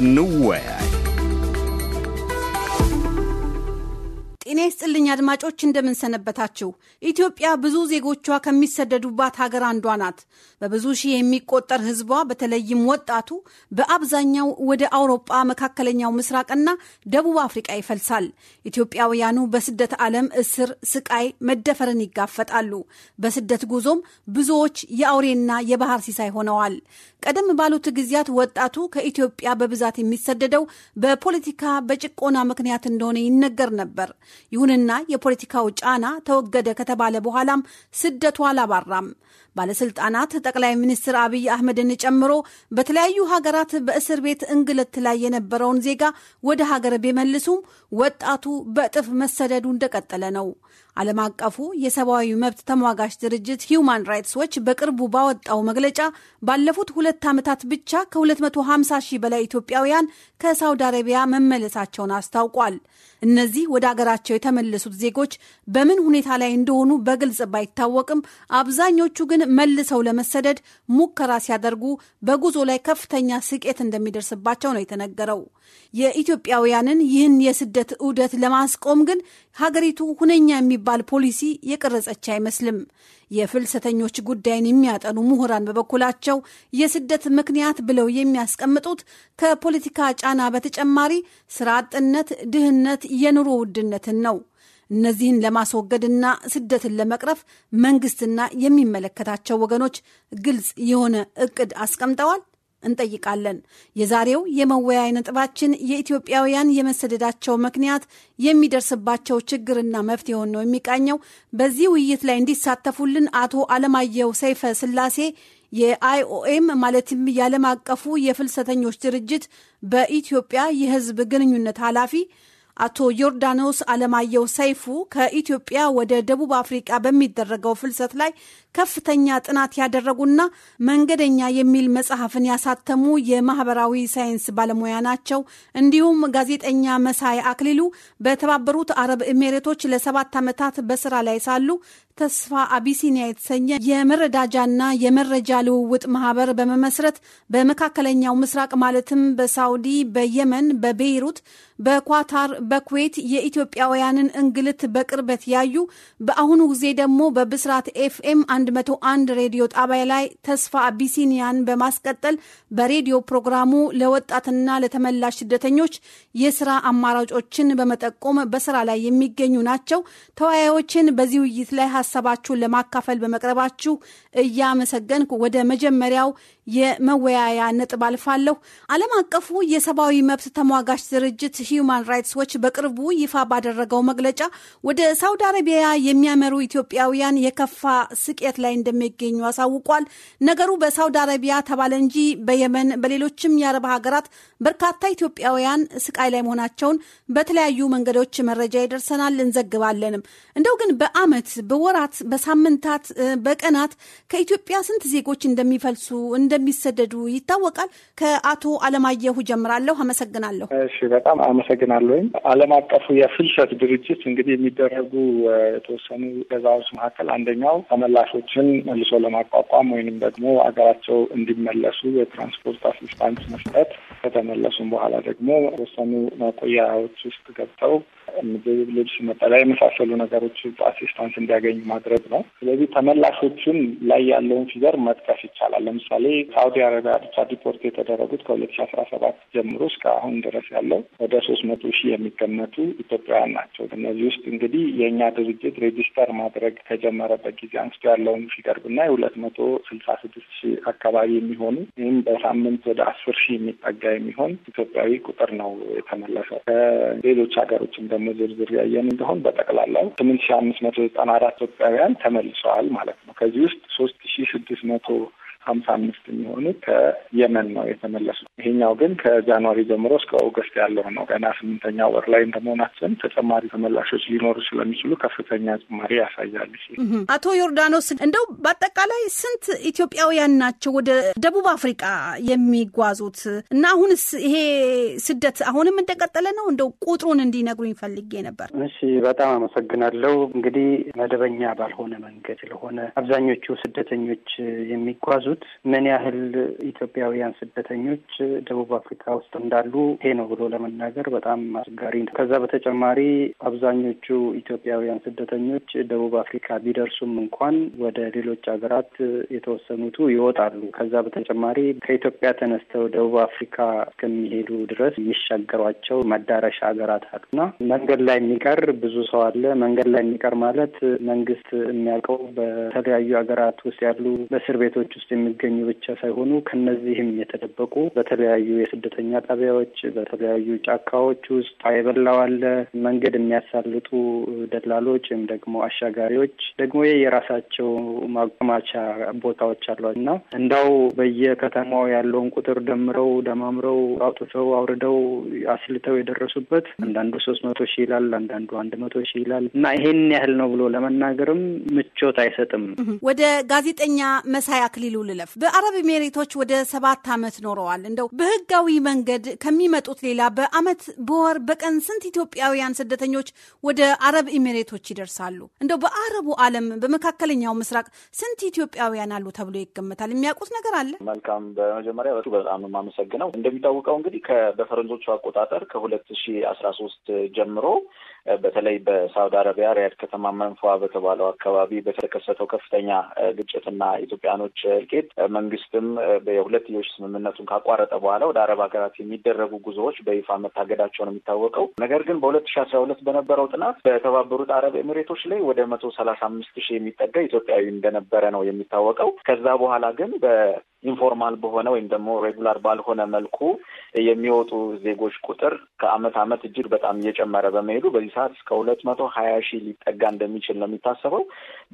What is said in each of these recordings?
nowhere. ጤና ይስጥልኝ አድማጮች፣ እንደምንሰነበታችሁ። ኢትዮጵያ ብዙ ዜጎቿ ከሚሰደዱባት ሀገር አንዷ ናት። በብዙ ሺህ የሚቆጠር ሕዝቧ በተለይም ወጣቱ በአብዛኛው ወደ አውሮጳ፣ መካከለኛው ምስራቅና ደቡብ አፍሪቃ ይፈልሳል። ኢትዮጵያውያኑ በስደት ዓለም እስር፣ ስቃይ፣ መደፈርን ይጋፈጣሉ። በስደት ጉዞም ብዙዎች የአውሬና የባህር ሲሳይ ሆነዋል። ቀደም ባሉት ጊዜያት ወጣቱ ከኢትዮጵያ በብዛት የሚሰደደው በፖለቲካ በጭቆና ምክንያት እንደሆነ ይነገር ነበር። ይሁንና የፖለቲካው ጫና ተወገደ ከተባለ በኋላም ስደቱ አላባራም። ባለስልጣናት ጠቅላይ ሚኒስትር አብይ አህመድን ጨምሮ በተለያዩ ሀገራት በእስር ቤት እንግልት ላይ የነበረውን ዜጋ ወደ ሀገር ቢመልሱም ወጣቱ በእጥፍ መሰደዱ እንደቀጠለ ነው። ዓለም አቀፉ የሰብአዊ መብት ተሟጋች ድርጅት ሂውማን ራይትስ ዎች በቅርቡ ባወጣው መግለጫ ባለፉት ሁለት ዓመታት ብቻ ከ250 ሺህ በላይ ኢትዮጵያውያን ከሳውዲ አረቢያ መመለሳቸውን አስታውቋል። እነዚህ ወደ አገራቸው የተመለሱት ዜጎች በምን ሁኔታ ላይ እንደሆኑ በግልጽ ባይታወቅም አብዛኞቹ ግን መልሰው ለመሰደድ ሙከራ ሲያደርጉ በጉዞ ላይ ከፍተኛ ስቄት እንደሚደርስባቸው ነው የተነገረው። የኢትዮጵያውያንን ይህን የስደት ዑደት ለማስቆም ግን ሀገሪቱ ሁነኛ የሚ የሚባል ፖሊሲ የቀረጸች አይመስልም። የፍልሰተኞች ጉዳይን የሚያጠኑ ምሁራን በበኩላቸው የስደት ምክንያት ብለው የሚያስቀምጡት ከፖለቲካ ጫና በተጨማሪ ስራ አጥነት፣ ድህነት፣ የኑሮ ውድነትን ነው። እነዚህን ለማስወገድና ስደትን ለመቅረፍ መንግስትና የሚመለከታቸው ወገኖች ግልጽ የሆነ እቅድ አስቀምጠዋል። እንጠይቃለን። የዛሬው የመወያይ ነጥባችን የኢትዮጵያውያን የመሰደዳቸው ምክንያት የሚደርስባቸው ችግርና መፍትሄውን ነው የሚቃኘው። በዚህ ውይይት ላይ እንዲሳተፉልን አቶ አለማየሁ ሰይፈ ስላሴ የአይኦኤም ማለትም የዓለም አቀፉ የፍልሰተኞች ድርጅት በኢትዮጵያ የሕዝብ ግንኙነት ኃላፊ አቶ ዮርዳኖስ አለማየሁ ሰይፉ ከኢትዮጵያ ወደ ደቡብ አፍሪቃ በሚደረገው ፍልሰት ላይ ከፍተኛ ጥናት ያደረጉና መንገደኛ የሚል መጽሐፍን ያሳተሙ የማህበራዊ ሳይንስ ባለሙያ ናቸው። እንዲሁም ጋዜጠኛ መሳይ አክሊሉ በተባበሩት አረብ ኤሜሬቶች ለሰባት ዓመታት በስራ ላይ ሳሉ ተስፋ አቢሲኒያ የተሰኘ የመረዳጃና የመረጃ ልውውጥ ማህበር በመመስረት በመካከለኛው ምስራቅ ማለትም በሳውዲ፣ በየመን፣ በቤይሩት፣ በኳታር፣ በኩዌት የኢትዮጵያውያንን እንግልት በቅርበት ያዩ በአሁኑ ጊዜ ደግሞ በብስራት ኤፍኤም 101 ሬዲዮ ጣቢያ ላይ ተስፋ አቢሲኒያን በማስቀጠል በሬዲዮ ፕሮግራሙ ለወጣትና ለተመላሽ ስደተኞች የስራ አማራጮችን በመጠቆም በስራ ላይ የሚገኙ ናቸው። ተወያዮችን በዚህ ውይይት ላይ ሀሳባችሁን ለማካፈል በመቅረባችሁ እያመሰገንኩ ወደ መጀመሪያው የመወያያ ነጥብ አልፋለሁ። ዓለም አቀፉ የሰብአዊ መብት ተሟጋች ድርጅት ሂዩማን ራይትስ ዎች በቅርቡ ይፋ ባደረገው መግለጫ ወደ ሳውዲ አረቢያ የሚያመሩ ኢትዮጵያውያን የከፋ ስቄት ላይ እንደሚገኙ አሳውቋል። ነገሩ በሳውዲ አረቢያ ተባለ እንጂ በየመን በሌሎችም የአረብ ሀገራት በርካታ ኢትዮጵያውያን ስቃይ ላይ መሆናቸውን በተለያዩ መንገዶች መረጃ ይደርሰናል፣ እንዘግባለንም። እንደው ግን በአመት በወር በወራት በሳምንታት በቀናት ከኢትዮጵያ ስንት ዜጎች እንደሚፈልሱ እንደሚሰደዱ ይታወቃል። ከአቶ አለማየሁ ጀምራለሁ። አመሰግናለሁ። እሺ፣ በጣም አመሰግናለሁኝ። አለም አቀፉ የፍልሰት ድርጅት እንግዲህ የሚደረጉ የተወሰኑ ገዛዎች መካከል አንደኛው ተመላሾችን መልሶ ለማቋቋም ወይንም ደግሞ አገራቸው እንዲመለሱ የትራንስፖርት አሲስታንስ መስጠት ከተመለሱም በኋላ ደግሞ የተወሰኑ መቆያዎች ውስጥ ገብተው ምግብ፣ ልብስ፣ መጠለያ የመሳሰሉ ነገሮች አሲስታንስ እንዲያገኙ ማድረግ ነው። ስለዚህ ተመላሾቹን ላይ ያለውን ፊገር መጥቀስ ይቻላል። ለምሳሌ ሳውዲ አረቢያ ብቻ ዲፖርት የተደረጉት ከሁለት ሺ አስራ ሰባት ጀምሮ እስከ አሁን ድረስ ያለው ወደ ሶስት መቶ ሺህ የሚገመቱ ኢትዮጵያውያን ናቸው። እነዚህ ውስጥ እንግዲህ የእኛ ድርጅት ሬጂስተር ማድረግ ከጀመረበት ጊዜ አንስቶ ያለውን ፊገር ብናይ ሁለት መቶ ስልሳ ስድስት ሺህ አካባቢ የሚሆኑ ይህም በሳምንት ወደ አስር ሺህ የሚጠጋ የሚሆን ኢትዮጵያዊ ቁጥር ነው የተመለሰው። ከሌሎች ሀገሮችም ደግሞ ዝርዝር ያየን እንደሆን በጠቅላላው ስምንት ሺህ አምስት መቶ ዘጠና አራት ኢትዮጵያውያን ተመልሰዋል ማለት ነው። ከዚህ ውስጥ ሶስት ሺ ስድስት መቶ ሀምሳ አምስት የሚሆኑ ከየመን ነው የተመለሱ። ይሄኛው ግን ከጃንዋሪ ጀምሮ እስከ ኦገስት ያለው ነው። ገና ስምንተኛ ወር ላይ እንደመሆናችን ተጨማሪ ተመላሾች ሊኖሩ ስለሚችሉ ከፍተኛ ጭማሪ ያሳያል። አቶ ዮርዳኖስ እንደው በአጠቃላይ ስንት ኢትዮጵያውያን ናቸው ወደ ደቡብ አፍሪቃ የሚጓዙት እና አሁንስ ይሄ ስደት አሁንም እንደቀጠለ ነው? እንደው ቁጥሩን እንዲነግሩ ይፈልጌ ነበር። እሺ፣ በጣም አመሰግናለሁ። እንግዲህ መደበኛ ባልሆነ መንገድ ስለሆነ አብዛኞቹ ስደተኞች የሚጓዙት የሚሉት ምን ያህል ኢትዮጵያውያን ስደተኞች ደቡብ አፍሪካ ውስጥ እንዳሉ ይሄ ነው ብሎ ለመናገር በጣም አስጋሪ ነው። ከዛ በተጨማሪ አብዛኞቹ ኢትዮጵያውያን ስደተኞች ደቡብ አፍሪካ ቢደርሱም እንኳን ወደ ሌሎች ሀገራት የተወሰኑቱ ይወጣሉ። ከዛ በተጨማሪ ከኢትዮጵያ ተነስተው ደቡብ አፍሪካ እስከሚሄዱ ድረስ የሚሻገሯቸው መዳረሻ ሀገራት አሉና መንገድ ላይ የሚቀር ብዙ ሰው አለ። መንገድ ላይ የሚቀር ማለት መንግስት የሚያውቀው በተለያዩ ሀገራት ውስጥ ያሉ በእስር ቤቶች ውስጥ የሚገኙ ብቻ ሳይሆኑ ከነዚህም የተደበቁ በተለያዩ የስደተኛ ጣቢያዎች፣ በተለያዩ ጫካዎች ውስጥ አይበላው አለ። መንገድ የሚያሳልጡ ደላሎች ወይም ደግሞ አሻጋሪዎች ደግሞ የራሳቸው ማከማቻ ቦታዎች አሏቸው እና እንዳው በየከተማው ያለውን ቁጥር ደምረው ደማምረው አውጥተው አውርደው አስልተው የደረሱበት አንዳንዱ ሶስት መቶ ሺህ ይላል፣ አንዳንዱ አንድ መቶ ሺህ ይላል እና ይሄን ያህል ነው ብሎ ለመናገርም ምቾት አይሰጥም። ወደ ጋዜጠኛ መሳይ አክሊሉ ልለፍ። በአረብ ኤሜሬቶች ወደ ሰባት ዓመት ኖረዋል። እንደው በህጋዊ መንገድ ከሚመጡት ሌላ በአመት በወር በቀን ስንት ኢትዮጵያውያን ስደተኞች ወደ አረብ ኤሜሬቶች ይደርሳሉ? እንደው በአረቡ ዓለም በመካከለኛው ምስራቅ ስንት ኢትዮጵያውያን አሉ ተብሎ ይገመታል? የሚያውቁት ነገር አለ? መልካም። በመጀመሪያ በሱ በጣም የማመሰግነው እንደሚታወቀው እንግዲህ በፈረንጆቹ አቆጣጠር ከሁለት ሺ አስራ ሶስት ጀምሮ በተለይ በሳውዲ አረቢያ ሪያድ ከተማ መንፏ በተባለው አካባቢ በተከሰተው ከፍተኛ ግጭትና ኢትዮጵያኖች እልቂት መንግስትም የሁለትዮሽ ስምምነቱን ካቋረጠ በኋላ ወደ አረብ ሀገራት የሚደረጉ ጉዞዎች በይፋ መታገዳቸው ነው የሚታወቀው። ነገር ግን በሁለት ሺ አስራ ሁለት በነበረው ጥናት በተባበሩት አረብ ኤሚሬቶች ላይ ወደ መቶ ሰላሳ አምስት ሺህ የሚጠጋ ኢትዮጵያዊ እንደነበረ ነው የሚታወቀው። ከዛ በኋላ ግን በ ኢንፎርማል በሆነ ወይም ደግሞ ሬጉላር ባልሆነ መልኩ የሚወጡ ዜጎች ቁጥር ከአመት አመት እጅግ በጣም እየጨመረ በመሄዱ በዚህ ሰዓት እስከ ሁለት መቶ ሀያ ሺህ ሊጠጋ እንደሚችል ነው የሚታሰበው።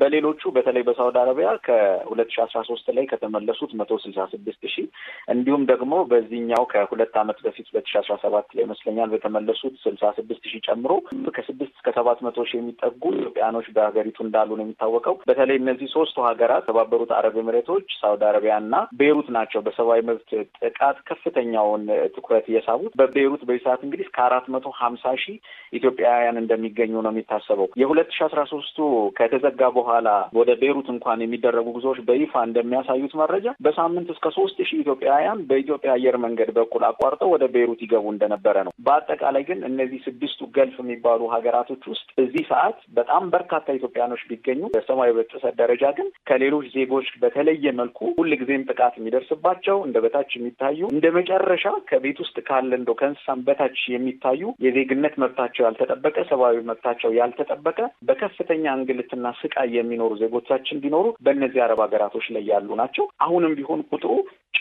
በሌሎቹ በተለይ በሳውዲ አረቢያ ከሁለት ሺ አስራ ሶስት ላይ ከተመለሱት መቶ ስልሳ ስድስት ሺህ እንዲሁም ደግሞ በዚህኛው ከሁለት አመት በፊት ሁለት ሺ አስራ ሰባት ላይ ይመስለኛል በተመለሱት ስልሳ ስድስት ሺህ ጨምሮ ከስድስት እስከ ሰባት መቶ ሺህ የሚጠጉ ኢትዮጵያኖች በሀገሪቱ እንዳሉ ነው የሚታወቀው። በተለይ እነዚህ ሶስቱ ሀገራት የተባበሩት አረብ ኤምሬቶች፣ ሳውዲ አረቢያ እና ቤይሩት ናቸው በሰብአዊ መብት ጥቃት ከፍተኛውን ትኩረት እየሳቡት። በቤይሩት በዚህ ሰዓት እንግዲህ እስከ አራት መቶ ሀምሳ ሺህ ኢትዮጵያውያን እንደሚገኙ ነው የሚታሰበው። የሁለት ሺ አስራ ሶስቱ ከተዘጋ በኋላ ወደ ቤይሩት እንኳን የሚደረጉ ጉዞዎች በይፋ እንደሚያሳዩት መረጃ በሳምንት እስከ ሶስት ሺህ ኢትዮጵያውያን በኢትዮጵያ አየር መንገድ በኩል አቋርጠው ወደ ቤይሩት ይገቡ እንደነበረ ነው። በአጠቃላይ ግን እነዚህ ስድስቱ ገልፍ የሚባሉ ሀገራቶች ውስጥ እዚህ ሰዓት በጣም በርካታ ኢትዮጵያኖች ቢገኙ በሰብአዊ መብት ጥሰት ደረጃ ግን ከሌሎች ዜጎች በተለየ መልኩ ሁልጊዜም ጥቃት ጥቃት የሚደርስባቸው እንደ በታች የሚታዩ እንደ መጨረሻ ከቤት ውስጥ ካለ እንደው ከእንስሳም በታች የሚታዩ የዜግነት መብታቸው ያልተጠበቀ ሰብአዊ መብታቸው ያልተጠበቀ በከፍተኛ እንግልትና ስቃይ የሚኖሩ ዜጎቻችን ቢኖሩ በእነዚህ አረብ ሀገራቶች ላይ ያሉ ናቸው። አሁንም ቢሆን ቁጥሩ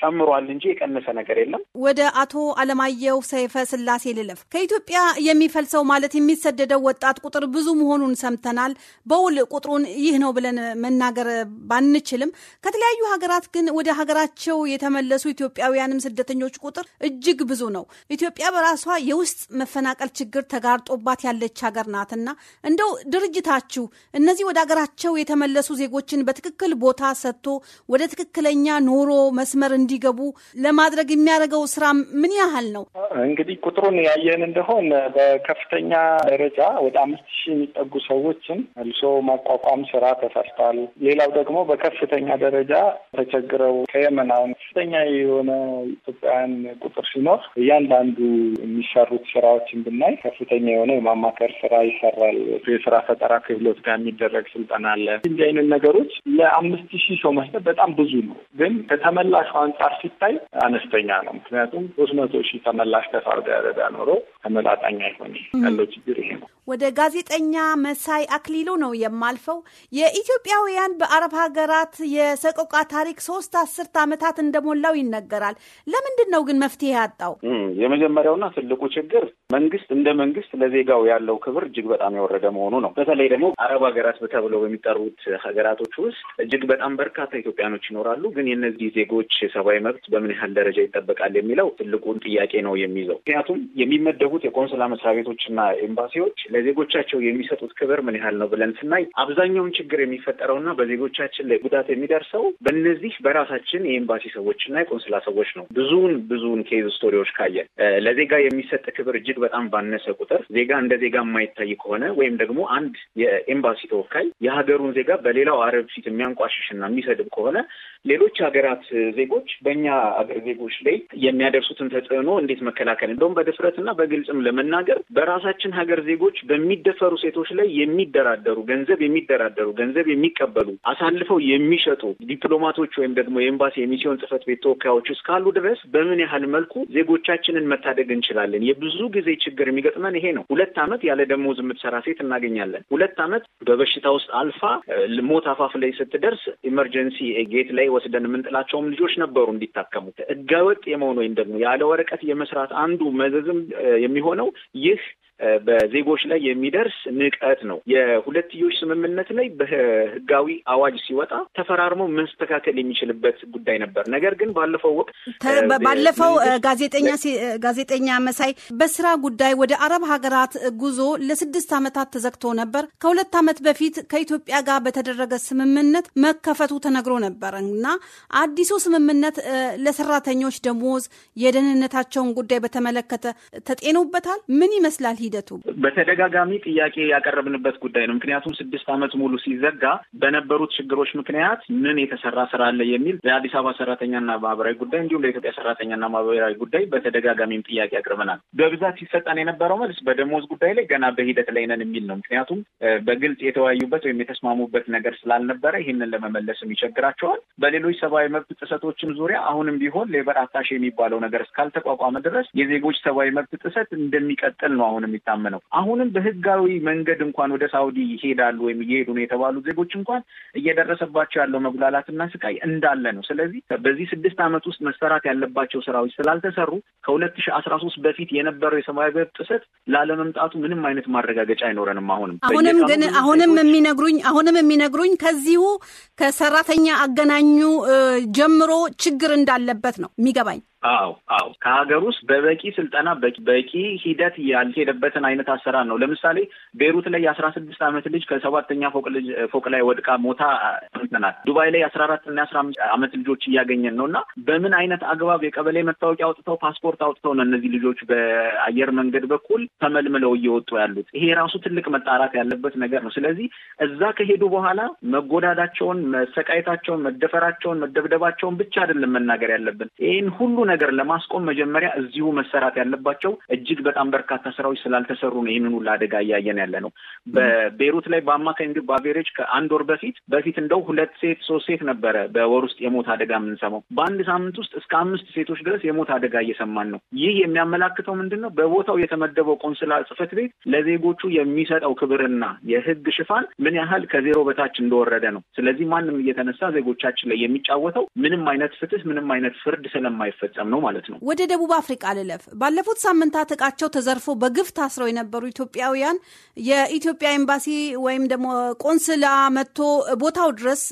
ጨምሯል እንጂ የቀነሰ ነገር የለም። ወደ አቶ አለማየሁ ሰይፈ ስላሴ ልለፍ። ከኢትዮጵያ የሚፈልሰው ማለት የሚሰደደው ወጣት ቁጥር ብዙ መሆኑን ሰምተናል። በውል ቁጥሩን ይህ ነው ብለን መናገር ባንችልም ከተለያዩ ሀገራት ግን ወደ ሀገራቸው የተመለሱ ኢትዮጵያውያንም ስደተኞች ቁጥር እጅግ ብዙ ነው። ኢትዮጵያ በራሷ የውስጥ መፈናቀል ችግር ተጋርጦባት ያለች ሀገር ናትና እንደው ድርጅታችሁ እነዚህ ወደ ሀገራቸው የተመለሱ ዜጎችን በትክክል ቦታ ሰጥቶ ወደ ትክክለኛ ኑሮ መስመር እንዲ እንዲገቡ ለማድረግ የሚያደርገው ስራ ምን ያህል ነው? እንግዲህ ቁጥሩን ያየን እንደሆን በከፍተኛ ደረጃ ወደ አምስት ሺህ የሚጠጉ ሰዎችን መልሶ ማቋቋም ስራ ተሰርቷል። ሌላው ደግሞ በከፍተኛ ደረጃ ተቸግረው ከየመን አሁን ከፍተኛ የሆነ ኢትዮጵያውያን ቁጥር ሲኖር እያንዳንዱ የሚሰሩት ስራዎችን ብናይ ከፍተኛ የሆነ የማማከር ስራ ይሰራል። የስራ ፈጠራ ክህሎት ጋር የሚደረግ ስልጠና አለ። እንዲህ አይነት ነገሮች ለአምስት ሺህ ሰው መስጠት በጣም ብዙ ነው፣ ግን ከተመላሹ አንጻ አንጻር ሲታይ አነስተኛ ነው። ምክንያቱም ሶስት መቶ ሺህ ተመላሽ ከሳውዲ አረቢያ ኖሮ ተመጣጣኝ አይሆን ያለው ችግር ይሄ ነው። ወደ ጋዜጠኛ መሳይ አክሊሉ ነው የማልፈው። የኢትዮጵያውያን በአረብ ሀገራት የሰቆቃ ታሪክ ሶስት አስርት ዓመታት እንደሞላው ይነገራል። ለምንድን ነው ግን መፍትሄ ያጣው? የመጀመሪያውና ትልቁ ችግር መንግስት እንደ መንግስት ለዜጋው ያለው ክብር እጅግ በጣም የወረደ መሆኑ ነው። በተለይ ደግሞ አረብ ሀገራት ተብለው በሚጠሩት ሀገራቶች ውስጥ እጅግ በጣም በርካታ ኢትዮጵያኖች ይኖራሉ። ግን የእነዚህ ዜጎች ሰብአዊ ሰብአዊ መብት በምን ያህል ደረጃ ይጠበቃል የሚለው ትልቁን ጥያቄ ነው የሚይዘው። ምክንያቱም የሚመደቡት የቆንስላ መስሪያ ቤቶችና ኤምባሲዎች ለዜጎቻቸው የሚሰጡት ክብር ምን ያህል ነው ብለን ስናይ አብዛኛውን ችግር የሚፈጠረውና በዜጎቻችን ላይ ጉዳት የሚደርሰው በእነዚህ በራሳችን የኤምባሲ ሰዎችና የቆንስላ ሰዎች ነው። ብዙውን ብዙውን ኬዝ ስቶሪዎች ካየን ለዜጋ የሚሰጥ ክብር እጅግ በጣም ባነሰ ቁጥር ዜጋ እንደ ዜጋ የማይታይ ከሆነ ወይም ደግሞ አንድ የኤምባሲ ተወካይ የሀገሩን ዜጋ በሌላው አረብ ፊት የሚያንቋሽሽና የሚሰድብ ከሆነ ሌሎች ሀገራት ዜጎች በእኛ ሀገር ዜጎች ላይ የሚያደርሱትን ተጽዕኖ እንዴት መከላከል እንደውም በድፍረትና በግልጽም ለመናገር በራሳችን ሀገር ዜጎች በሚደፈሩ ሴቶች ላይ የሚደራደሩ ገንዘብ የሚደራደሩ ገንዘብ የሚቀበሉ አሳልፈው የሚሸጡ ዲፕሎማቶች ወይም ደግሞ የኤምባሲ የሚስዮን ጽህፈት ቤት ተወካዮች እስካሉ ድረስ በምን ያህል መልኩ ዜጎቻችንን መታደግ እንችላለን? የብዙ ጊዜ ችግር የሚገጥመን ይሄ ነው። ሁለት ዓመት ያለ ደሞዝ የምትሰራ ሴት እናገኛለን። ሁለት ዓመት በበሽታ ውስጥ አልፋ ሞት አፋፍ ላይ ስትደርስ ኢመርጀንሲ ጌት ላይ ወስደን የምንጥላቸውም ልጆች ነበሩ እንዲታከሙ። ህገወጥ የመሆን ወይም ደግሞ ያለ ወረቀት የመስራት አንዱ መዘዝም የሚሆነው ይህ በዜጎች ላይ የሚደርስ ንቀት ነው። የሁለትዮሽ ስምምነት ላይ በህጋዊ አዋጅ ሲወጣ ተፈራርሞ መስተካከል የሚችልበት ጉዳይ ነበር። ነገር ግን ባለፈው ወቅት ባለፈው ጋዜጠኛ ጋዜጠኛ መሳይ በስራ ጉዳይ ወደ አረብ ሀገራት ጉዞ ለስድስት ዓመታት ተዘግቶ ነበር። ከሁለት ዓመት በፊት ከኢትዮጵያ ጋር በተደረገ ስምምነት መከፈቱ ተነግሮ ነበር እና አዲሱ ስምምነት ለሰራተኞች ደሞዝ፣ የደህንነታቸውን ጉዳይ በተመለከተ ተጤኖበታል ምን ይመስላል? ሂደቱ በተደጋጋሚ ጥያቄ ያቀረብንበት ጉዳይ ነው። ምክንያቱም ስድስት ዓመት ሙሉ ሲዘጋ በነበሩት ችግሮች ምክንያት ምን የተሰራ ስራ አለ የሚል ለአዲስ አበባ ሰራተኛና ማህበራዊ ጉዳይ እንዲሁም ለኢትዮጵያ ሰራተኛና ማህበራዊ ጉዳይ በተደጋጋሚም ጥያቄ አቅርበናል። በብዛት ሲሰጠን የነበረው መልስ በደሞዝ ጉዳይ ላይ ገና በሂደት ላይ ነን የሚል ነው። ምክንያቱም በግልጽ የተወያዩበት ወይም የተስማሙበት ነገር ስላልነበረ ይህንን ለመመለስም ይቸግራቸዋል። በሌሎች ሰብአዊ መብት ጥሰቶችም ዙሪያ አሁንም ቢሆን ሌበር አታሽ የሚባለው ነገር እስካልተቋቋመ ድረስ የዜጎች ሰብአዊ መብት ጥሰት እንደሚቀጥል ነው አሁንም የሚታመነው። አሁንም በህጋዊ መንገድ እንኳን ወደ ሳውዲ ይሄዳሉ ወይም እየሄዱ ነው የተባሉ ዜጎች እንኳን እየደረሰባቸው ያለው መጉላላትና ስቃይ እንዳለ ነው። ስለዚህ በዚህ ስድስት ዓመት ውስጥ መሰራት ያለባቸው ስራዎች ስላልተሰሩ ከሁለት ሺ አስራ ሶስት በፊት የነበረው የሰብአዊ መብት ጥሰት ላለመምጣቱ ምንም አይነት ማረጋገጫ አይኖረንም። አሁንም አሁንም ግን አሁንም የሚነግሩኝ አሁንም የሚነግሩኝ ከዚሁ ከሰራተኛ አገናኙ ጀምሮ ችግር እንዳለበት ነው የሚገባኝ። አዎ አዎ ከሀገር ውስጥ በበቂ ስልጠና በቂ ሂደት ያልሄደበትን አይነት አሰራር ነው። ለምሳሌ ቤሩት ላይ የአስራ ስድስት አመት ልጅ ከሰባተኛ ፎቅ ልጅ ፎቅ ላይ ወድቃ ሞታ ሰምተናል። ዱባይ ላይ የአስራ አራት እና የአስራ አምስት አመት ልጆች እያገኘን ነው እና በምን አይነት አግባብ የቀበሌ መታወቂያ አውጥተው ፓስፖርት አውጥተው ነው እነዚህ ልጆች በአየር መንገድ በኩል ተመልምለው እየወጡ ያሉት? ይሄ ራሱ ትልቅ መጣራት ያለበት ነገር ነው። ስለዚህ እዛ ከሄዱ በኋላ መጎዳዳቸውን፣ መሰቃየታቸውን፣ መደፈራቸውን፣ መደብደባቸውን ብቻ አይደለም መናገር ያለብን ይህን ሁሉ ነገር ለማስቆም መጀመሪያ እዚሁ መሰራት ያለባቸው እጅግ በጣም በርካታ ስራዎች ስላልተሰሩ ነው ይህንን ሁሉ አደጋ እያየን ያለ ነው። በቤሩት ላይ በአማካኝ እንግዲህ በአቬሬጅ ከአንድ ወር በፊት በፊት እንደው ሁለት ሴት ሶስት ሴት ነበረ በወር ውስጥ የሞት አደጋ የምንሰማው በአንድ ሳምንት ውስጥ እስከ አምስት ሴቶች ድረስ የሞት አደጋ እየሰማን ነው። ይህ የሚያመላክተው ምንድን ነው? በቦታው የተመደበው ቆንስላ ጽፈት ቤት ለዜጎቹ የሚሰጠው ክብርና የህግ ሽፋን ምን ያህል ከዜሮ በታች እንደወረደ ነው። ስለዚህ ማንም እየተነሳ ዜጎቻችን ላይ የሚጫወተው ምንም አይነት ፍትህ፣ ምንም አይነት ፍርድ ስለማይፈጸም የሚፈጸም ነው ማለት ነው። ወደ ደቡብ አፍሪቃ ልለፍ። ባለፉት ሳምንታት እቃቸው ተዘርፎ በግፍ ታስረው የነበሩ ኢትዮጵያውያን የኢትዮጵያ ኤምባሲ ወይም ደግሞ ቆንስላ መጥቶ ቦታው ድረስ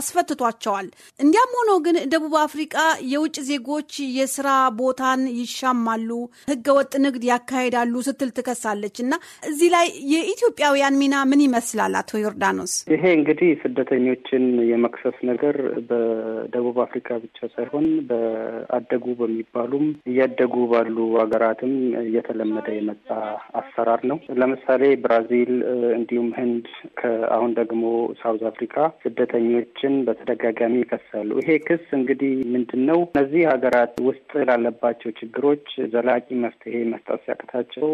አስፈትቷቸዋል። እንዲያም ሆኖ ግን ደቡብ አፍሪቃ የውጭ ዜጎች የስራ ቦታን ይሻማሉ፣ ህገወጥ ንግድ ያካሄዳሉ ስትል ትከሳለች እና እዚህ ላይ የኢትዮጵያውያን ሚና ምን ይመስላል? አቶ ዮርዳኖስ፣ ይሄ እንግዲህ ስደተኞችን የመክሰስ ነገር በደቡብ አፍሪካ ብቻ ሳይሆን በአደ አደጉ በሚባሉም እያደጉ ባሉ ሀገራትም እየተለመደ የመጣ አሰራር ነው። ለምሳሌ ብራዚል፣ እንዲሁም ህንድ አሁን ደግሞ ሳውዝ አፍሪካ ስደተኞችን በተደጋጋሚ ይከሳሉ። ይሄ ክስ እንግዲህ ምንድን ነው? እነዚህ ሀገራት ውስጥ ላለባቸው ችግሮች ዘላቂ መፍትሄ መስጠት ሲያቅታቸው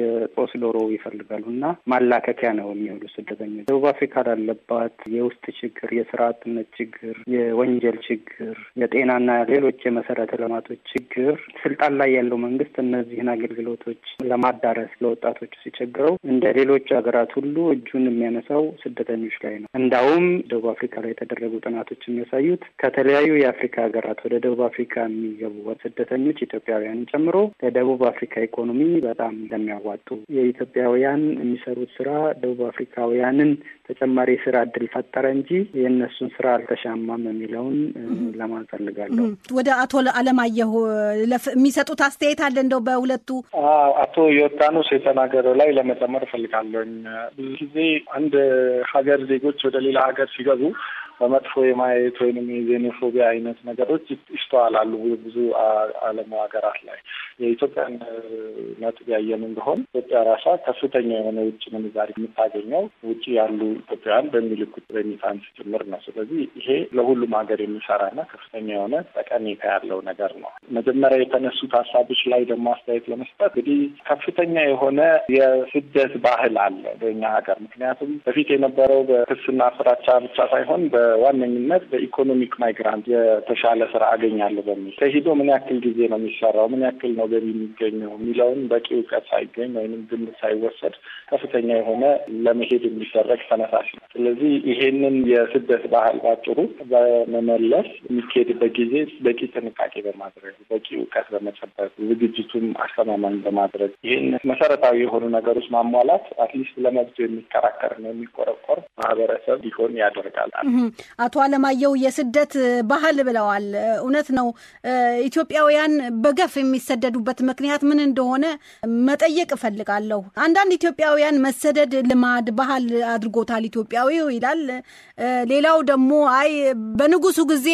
የጦስ ዶሮ ይፈልጋሉ እና ማላከኪያ ነው የሚሆኑ ስደተኞች። ደቡብ አፍሪካ ላለባት የውስጥ ችግር፣ የስራ አጥነት ችግር፣ የወንጀል ችግር፣ የጤናና ሌሎች የመሰረተ ተቋማቶች ችግር ስልጣን ላይ ያለው መንግስት እነዚህን አገልግሎቶች ለማዳረስ ለወጣቶች ሲቸግረው እንደ ሌሎች ሀገራት ሁሉ እጁን የሚያነሳው ስደተኞች ላይ ነው። እንዳውም ደቡብ አፍሪካ ላይ የተደረጉ ጥናቶች የሚያሳዩት ከተለያዩ የአፍሪካ ሀገራት ወደ ደቡብ አፍሪካ የሚገቡ ስደተኞች ኢትዮጵያውያንን ጨምሮ ለደቡብ አፍሪካ ኢኮኖሚ በጣም እንደሚያዋጡ የኢትዮጵያውያን የሚሰሩት ስራ ደቡብ አፍሪካውያንን ተጨማሪ ስራ እድል ፈጠረ እንጂ የእነሱን ስራ አልተሻማም የሚለውን ለማንፈልጋለሁ። ወደ አቶ አለማየሁ የሚሰጡት አስተያየት አለ እንደው በሁለቱ አቶ ዮርዳኖስ የተናገረው ላይ ለመጨመር ፈልጋለሁኝ። ብዙ ጊዜ አንድ ሀገር ዜጎች ወደ ሌላ ሀገር ሲገቡ በመጥፎ የማየት ወይም የዜኖፎቢያ አይነት ነገሮች ይስተዋላሉ ብዙ ዓለም ሀገራት ላይ። የኢትዮጵያን ነጥብ ያየን እንደሆን ኢትዮጵያ ራሷ ከፍተኛ የሆነ ውጭ ምንዛሪ የምታገኘው ውጭ ያሉ ኢትዮጵያውያን በሚልኩት ሬሚታንስ ጭምር ነው። ስለዚህ ይሄ ለሁሉም ሀገር የሚሰራና ከፍተኛ የሆነ ጠቀሜታ ያለው ነገር ነው። መጀመሪያ የተነሱት ሀሳቦች ላይ ደግሞ አስተያየት ለመስጠት እንግዲህ ከፍተኛ የሆነ የስደት ባህል አለ በኛ ሀገር። ምክንያቱም በፊት የነበረው በክስና ፍራቻ ብቻ ሳይሆን በዋነኝነት በኢኮኖሚክ ማይግራንት የተሻለ ስራ አገኛለሁ በሚል ተሂዶ ምን ያክል ጊዜ ነው የሚሰራው፣ ምን ያክል ነው ገቢ የሚገኘው የሚለውን በቂ እውቀት ሳይገኝ ወይም ግምት ሳይወሰድ ከፍተኛ የሆነ ለመሄድ የሚደረግ ተነሳሽ ነው። ስለዚህ ይሄንን የስደት ባህል ባጭሩ በመመለስ የሚካሄድበት ጊዜ በቂ ጥንቃቄ በማድረግ በቂ እውቀት በመጨበጥ ዝግጅቱም አስተማማኝ በማድረግ ይህን መሰረታዊ የሆኑ ነገሮች ማሟላት አትሊስት ለመብቱ የሚከራከርና የሚቆረቆር ማህበረሰብ ሊሆን ያደርጋል። አቶ አለማየሁ የስደት ባህል ብለዋል። እውነት ነው። ኢትዮጵያውያን በገፍ የሚሰደዱበት ምክንያት ምን እንደሆነ መጠየቅ እፈልጋለሁ። አንዳንድ ኢትዮጵያውያን መሰደድ ልማድ፣ ባህል አድርጎታል ኢትዮጵያዊው ይላል። ሌላው ደግሞ አይ በንጉሱ ጊዜ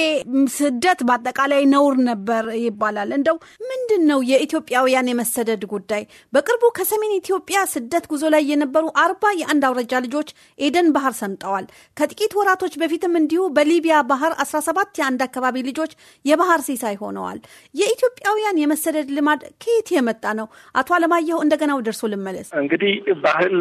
ስደት በአጠቃላይ ነውር ነበር ይባላል። እንደው ምንድን ነው የኢትዮጵያውያን የመሰደድ ጉዳይ? በቅርቡ ከሰሜን ኢትዮጵያ ስደት ጉዞ ላይ የነበሩ አርባ የአንድ አውረጃ ልጆች ኤደን ባህር ሰምጠዋል። ከጥቂት ወራቶች በፊት ትናንትም እንዲሁ በሊቢያ ባህር 17 የአንድ አካባቢ ልጆች የባህር ሲሳይ ሆነዋል። የኢትዮጵያውያን የመሰደድ ልማድ ከየት የመጣ ነው? አቶ አለማየሁ እንደገና ደርሶ ልመለስ። እንግዲህ ባህል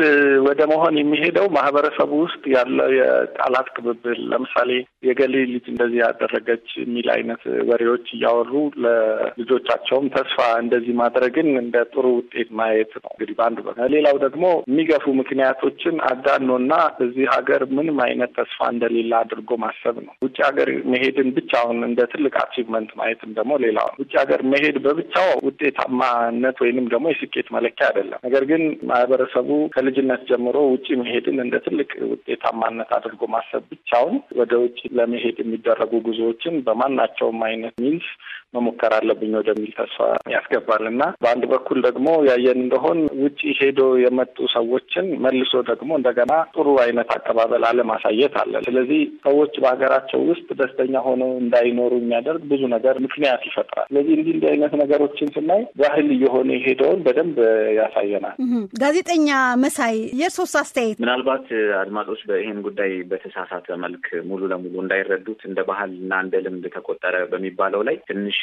ወደ መሆን የሚሄደው ማህበረሰቡ ውስጥ ያለው የቃላት ቅብብል፣ ለምሳሌ የገሌ ልጅ እንደዚህ ያደረገች የሚል አይነት ወሬዎች እያወሩ ለልጆቻቸውም ተስፋ እንደዚህ ማድረግን እንደ ጥሩ ውጤት ማየት ነው እንግዲህ በአንድ ሌላው ደግሞ የሚገፉ ምክንያቶችን አዳኖና እዚህ ሀገር ምንም አይነት ተስፋ እንደሌለ አድ አድርጎ ማሰብ ነው። ውጭ ሀገር መሄድን ብቻውን እንደ ትልቅ አቺቭመንት ማየትም ደግሞ ሌላው ውጭ ሀገር መሄድ በብቻው ውጤታማነት ወይንም ደግሞ የስኬት መለኪያ አይደለም። ነገር ግን ማህበረሰቡ ከልጅነት ጀምሮ ውጭ መሄድን እንደ ትልቅ ውጤታማነት አድርጎ ማሰብ ብቻውን ወደ ውጭ ለመሄድ የሚደረጉ ጉዞዎችን በማናቸውም አይነት ሚንስ መሞከር አለብኝ ወደሚል ተስፋ ያስገባል እና በአንድ በኩል ደግሞ ያየን እንደሆን ውጭ ሄዶ የመጡ ሰዎችን መልሶ ደግሞ እንደገና ጥሩ አይነት አቀባበል አለማሳየት አለ። ስለዚህ ሰዎች በሀገራቸው ውስጥ ደስተኛ ሆነው እንዳይኖሩ የሚያደርግ ብዙ ነገር ምክንያት ይፈጥራል። ስለዚህ እንዲህ እንዲህ አይነት ነገሮችን ስናይ ባህል እየሆነ የሄደውን በደንብ ያሳየናል። ጋዜጠኛ መሳይ የእርሶስ አስተያየት? ምናልባት አድማጮች በይህን ጉዳይ በተሳሳተ መልክ ሙሉ ለሙሉ እንዳይረዱት እንደ ባህልና እንደ ልምድ ተቆጠረ በሚባለው ላይ ትንሽ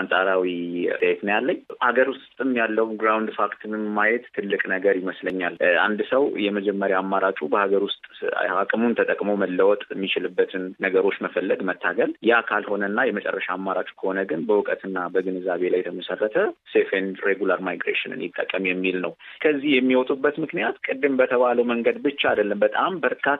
አንጻራዊ አስተያየት ነው ያለኝ። ሀገር ውስጥም ያለውን ግራውንድ ፋክትንም ማየት ትልቅ ነገር ይመስለኛል። አንድ ሰው የመጀመሪያ አማራጩ በሀገር ውስጥ አቅሙን ተጠቅሞ መለወጥ የሚችልበትን ነገሮች መፈለግ፣ መታገል። ያ ካልሆነና የመጨረሻ አማራጩ ከሆነ ግን በእውቀትና በግንዛቤ ላይ የተመሰረተ ሴፍ ኤንድ ሬጉላር ማይግሬሽንን ይጠቀም የሚል ነው። ከዚህ የሚወጡበት ምክንያት ቅድም በተባለው መንገድ ብቻ አይደለም። በጣም በርካታ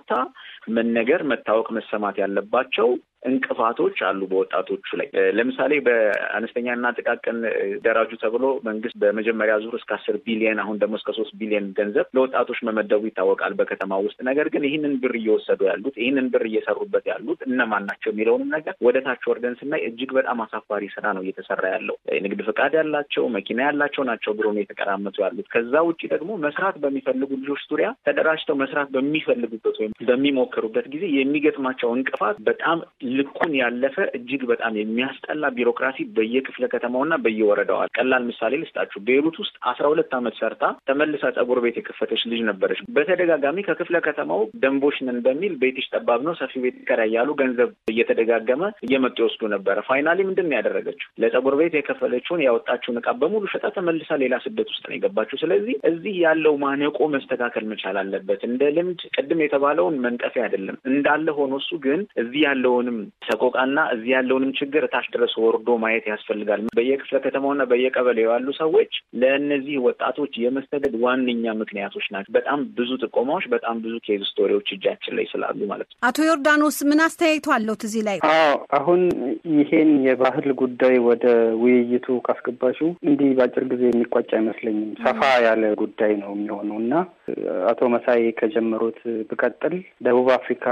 መነገር፣ መታወቅ፣ መሰማት ያለባቸው እንቅፋቶች አሉ በወጣቶቹ ላይ። ለምሳሌ በአነስተኛና ጥቃቅን ደራጁ ተብሎ መንግስት በመጀመሪያ ዙር እስከ አስር ቢሊየን አሁን ደግሞ እስከ ሶስት ቢሊየን ገንዘብ ለወጣቶች መመደቡ ይታወቃል በከተማ ውስጥ። ነገር ግን ይህንን ብር እየወሰዱ ያሉት ይህንን ብር እየሰሩበት ያሉት እነማን ናቸው የሚለውንም ነገር ወደ ታች ወርደን ስናይ እጅግ በጣም አሳፋሪ ስራ ነው እየተሰራ ያለው። ንግድ ፈቃድ ያላቸው መኪና ያላቸው ናቸው ብሮ ነው የተቀራመቱ ያሉት። ከዛ ውጭ ደግሞ መስራት በሚፈልጉ ልጆች ዙሪያ ተደራጅተው መስራት በሚፈልጉበት ወይም በሚሞክሩበት ጊዜ የሚገጥማቸው እንቅፋት በጣም ልኩን ያለፈ እጅግ በጣም የሚያስጠላ ቢሮክራሲ በየክፍለ ከተማውና በየወረዳዋል። ቀላል ምሳሌ ልስጣችሁ። ቤይሩት ውስጥ አስራ ሁለት ዓመት ሰርታ ተመልሳ ጸጉር ቤት የከፈተች ልጅ ነበረች። በተደጋጋሚ ከክፍለ ከተማው ደንቦች ነን በሚል ቤትሽ ጠባብ ነው፣ ሰፊ ቤት ይከራይ እያሉ ገንዘብ እየተደጋገመ እየመጡ ይወስዱ ነበረ። ፋይናሊ ምንድን ነው ያደረገችው? ለጸጉር ቤት የከፈለችውን ያወጣችውን እቃ በሙሉ ሸጣ ተመልሳ ሌላ ስደት ውስጥ ነው የገባችው። ስለዚህ እዚህ ያለው ማነቆ መስተካከል መቻል አለበት። እንደ ልምድ ቅድም የተባለውን መንቀፊያ አይደለም እንዳለ ሆኖ እሱ ግን እዚህ ያለውንም ሰቆቃና እዚህ ያለውንም ችግር እታች ድረስ ወርዶ ማየት ያስፈልጋል። በየክፍለ ከተማውና በየቀበሌው ያሉ ሰዎች ለእነዚህ ወጣቶች የመሰደድ ዋነኛ ምክንያቶች ናቸው። በጣም ብዙ ጥቆማዎች፣ በጣም ብዙ ኬዝ ስቶሪዎች እጃችን ላይ ስላሉ ማለት ነው። አቶ ዮርዳኖስ ምን አስተያየቱ አለውት እዚህ ላይ? አሁን ይሄን የባህል ጉዳይ ወደ ውይይቱ ካስገባሹ እንዲህ በአጭር ጊዜ የሚቋጭ አይመስለኝም። ሰፋ ያለ ጉዳይ ነው የሚሆነው እና አቶ መሳይ ከጀመሩት ብቀጥል ደቡብ አፍሪካ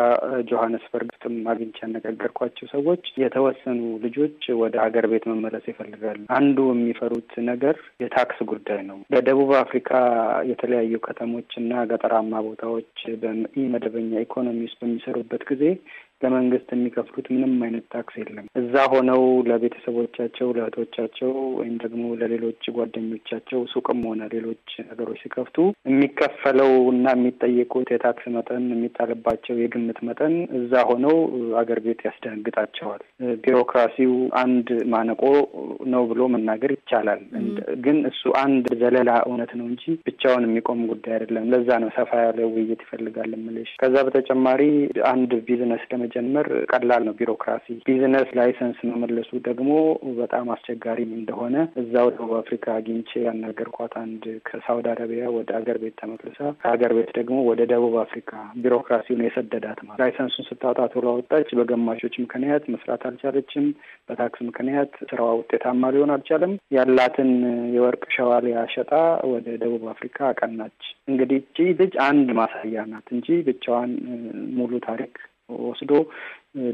ጆሀንስበርግ ውስጥም አግኝቼ ያነጋገርኳቸው ሰዎች የተወሰኑ ልጆች ወደ ሀገር ቤት መመለስ ይፈልጋሉ። አንዱ የሚፈሩት ነገር የታክስ ጉዳይ ነው። በደቡብ አፍሪካ የተለያዩ ከተሞች እና ገጠራማ ቦታዎች በኢ መደበኛ ኢኮኖሚ ውስጥ በሚሰሩበት ጊዜ ለመንግስት የሚከፍሉት ምንም አይነት ታክስ የለም። እዛ ሆነው ለቤተሰቦቻቸው፣ ለእህቶቻቸው ወይም ደግሞ ለሌሎች ጓደኞቻቸው ሱቅም ሆነ ሌሎች ነገሮች ሲከፍቱ የሚከፈለው እና የሚጠየቁት የታክስ መጠን የሚጣልባቸው የግምት መጠን እዛ ሆነው አገር ቤት ያስደነግጣቸዋል። ቢሮክራሲው አንድ ማነቆ ነው ብሎ መናገር ይቻላል። ግን እሱ አንድ ዘለላ እውነት ነው እንጂ ብቻውን የሚቆም ጉዳይ አይደለም። ለዛ ነው ሰፋ ያለ ውይይት ይፈልጋል ምልሽ። ከዛ በተጨማሪ አንድ ቢዝነስ ለመ መጀመር ቀላል ነው ቢሮክራሲ። ቢዝነስ ላይሰንስ መመለሱ ደግሞ በጣም አስቸጋሪም እንደሆነ እዛው ደቡብ አፍሪካ አግኝቼ ያናገርኳት አንድ ከሳውዲ አረቢያ ወደ አገር ቤት ተመልሳ ከሀገር ቤት ደግሞ ወደ ደቡብ አፍሪካ ቢሮክራሲውን የሰደዳት ማለት ላይሰንሱን ስታጣ ቶሎ ወጣች። በገማሾች ምክንያት መስራት አልቻለችም። በታክስ ምክንያት ስራዋ ውጤታማ ሊሆን አልቻለም። ያላትን የወርቅ ሸዋሊያ ሸጣ ወደ ደቡብ አፍሪካ አቀናች። እንግዲህ እቺ ልጅ አንድ ማሳያ ናት እንጂ ብቻዋን ሙሉ ታሪክ ወስዶ